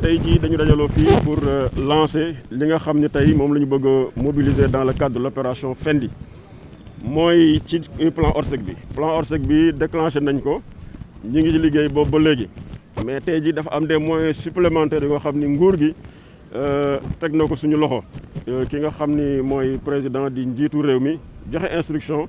tey jii dañu dajaloo fii pour euh, lancer li nga xam ne tey moom bëgg a mobiliser dans le cadre de l'opération opération Fendi mooy ci plan Orsec bi plan Orsec bi déclenché nañ ko ñu ngi ci liggéey boobu ba léegi mais tey jii dafa am des moyens supplémentaires yoo xam ni nguur gi euh, teg na ko suñu loxo euh, ki nga xam ni président di njiitu réew mi joxe instruction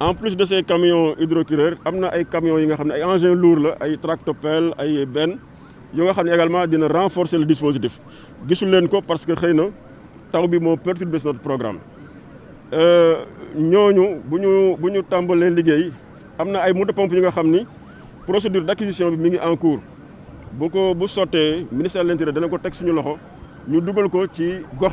en plus de ces camions hydrocureurs am na ay camions yi nga xam ay engins lourds la ay tractopelles ay bennes, qui nga également dina renforcer le dispositif gisul leen ko parce que xëy na taw bi perturbé notre programme Euh, nous ñu bu ñu tàmbalee liggéey am na ay moto pompe yi nga procédure d'acquisition bi en cours bu ko bu sottee ministère de l'intérieur dana ko teg suñu loxo ñu dugal ko ci gox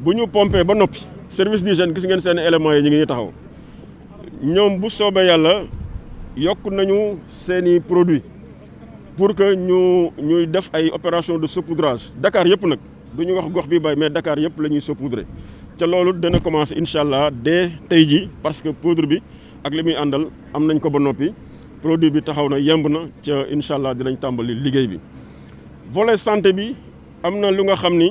bu ñu pompé ba noppi service d'hygiène gis ngeen seen éléments yi ñu ngi taxaw ñoom bu soobee yàlla yokk nañu seeni produit pour que ñu ñuy def ay opération de saupoudrage Dakar yëpp nag du ñu wax gox bi bay mais Dakar yëpp la ñuy saupoudrer ca loolu dana commencer incha allah dès tey jii parce que poudre bi ak li muy àndal am nañ ko ba noppi produit bi taxaw na yemb na ca incha allah dinañ tàmbali liggéey bi volet santé bi am na lu nga xam ni.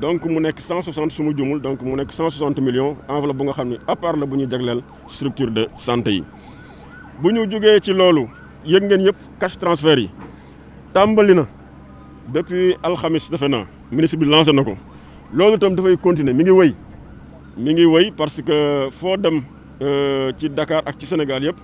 donc mu nek 160 sumu ma jumul donc mu nek 160 millions enveloppe bu nga xamni ne à part la bu ñu jagleel structure de santé yi. bu ñu jógee ci lolu yëg ngeen yëpp cash transfert yi tàmbali na depuis alxamis defe naa ministre bi lancé nako lolu tam itam dafay continuer mi ngi wëy mi ngi wëy parce que foo dem euh, ci Dakar ak ci Sénégal yépp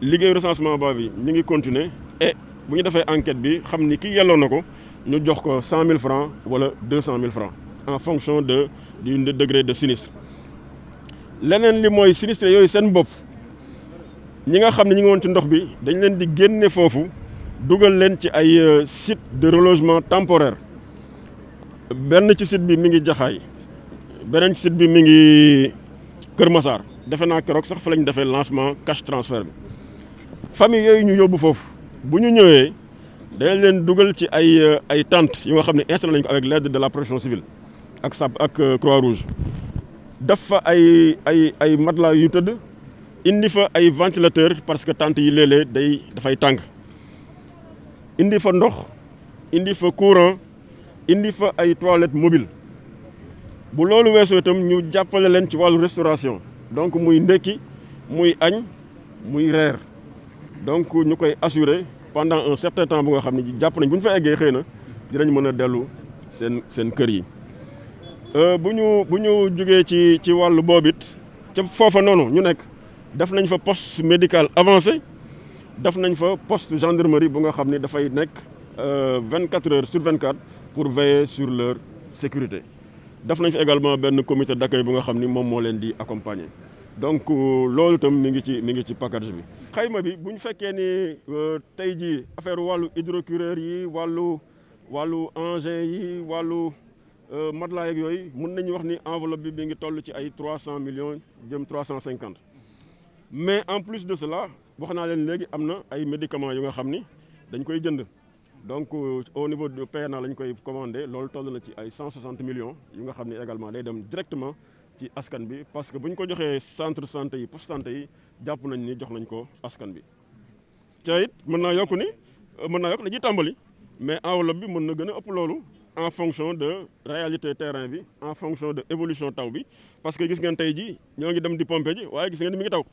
liggéeyu recensement ba bi ñu ngi continuer et bu ñu defee enquête bi xamni ki yelloo nako ñu jox ko 100000 francs wala 200000 francs en fonction de du degré de sinistre Ce li est sinistre yooyu seen bopp ñi nga xam ngi woon ci ndox bi dañ leen di génne foofu dugal leen euh, site de relogement temporaire benn ci site bi mi ngi jaxaay beneen ci site bi mi ngi Kër site defe naa sax fa lañ lancement cash transfert famille yooyu ñu yóbbu foofu bu ñu ñëwee dañ leen dugal ci ay euh, ay tentes yi nga avec l'aide de la protection civile ak sab ak euh, croix rouge dafa ay ay ay matla yu teud indi fa ay ventilateur parce que tante yi léeg day da fay tang indi fa ndox indi fa courant indi fa ay toilettes mobiles bu lolou weesoo itam ñu jàppale len ci walu restauration donc muy ndekki muy añ muy rer donc ñu assurer pendant un certain temps bu nga xamni japp nañ buñ fa eggee xeyna dinañ mëna delu sen sen kër yi euh, bu ñu bu ñu jógee ci ci wàllu boobu it ca foofa noonu ñu nekk def nañ fa poste médical avancé def nañ fa poste gendarmerie bu nga xam ne dafay nekk 24 euh, heures sur 24 pour veiller sur leur sécurité def nañ fa également benn comité d'accueil bu nga xam ni moom moo di accompagner donc euh, loolu itam mi ngi ci mi ngi ci package bi. xayma bi bu ñu ni tey jii affaire wàllu hydrocureur yi wàllu wàllu engin yi wàllu. Euh, matelas yeeg yoy mën nañ wax ni enveloppe bi bi ngi toll ci ay 300 millions jëm 350 mais en plus de cela wax naa leen léegi am na ay médicaments yu nga xam ni dañ koy jënd donc euh, au niveau de PNA lañ koy commandé loolu toll na ci ay 160 millions yu nga xam ni également day dem directement ci askan bi parce que buñ ko joxee centre santé yi poste santé yi jàpp nañ ni jox nañ ko askan bi te it mën naa yokk ni mën naa yokk dañuy tàmbali mais enveloppe bi mën na gën a ëpp loolu en fonction de réalité terrain bi en fonction de évolution taw bi parce que vous voyez aujourd'hui, ji ñoo ngi dem di pomper ji waaye gis ngeen mi ngi taw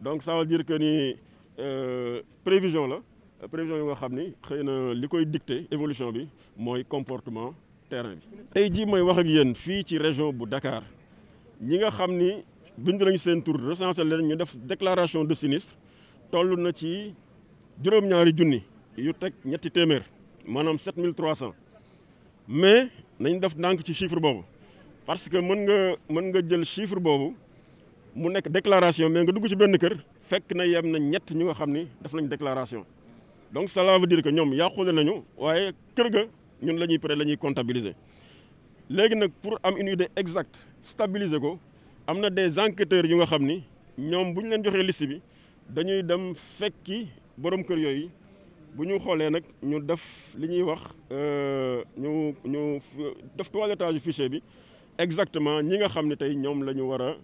donc ça veut dire que ni euh, prévision la prévision que nga xam c'est ce dicter évolution bi mooy comportement terrain bi. tey ji mooy wax ak yéen fii ci région bu Dakar ñi nga que, ni bind nañ seen tur recensé leen ñu def déclaration de sinistre toll na ci juróom-ñaari junni yu teg ñetti téeméer maanaam 7300. mais nañ def ndànk ci chiffre boobu parce que mën nga mën nga jël chiffre boobu mu nekk déclaration mais nga dugg ci benn kër fekk na yem na ñett ñu nga xam ni def nañ déclaration donc cela veut dire que ñoom yàqule nañu waaye kër ga ñun la ñuy pare la ñuy comptabiliser léegi nag pour am une idée exacte stabiliser ko am na des enquêteurs yu nga xam ni ñoom bu ñu leen joxee liste bi dañuy dem fekki borom kër yooyu buñu xolé nak ñu def liñuy wax euh ñu ñu def toilettage fichier bi exactement ñi nga xamni tay ñom lañu wara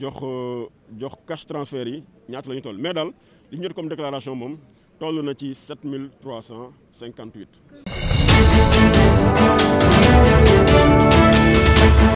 jox euh, jox cash transfert yi ñaat lañu toll mais dal li ñu jot comme déclaration moom tollu na ci 7358.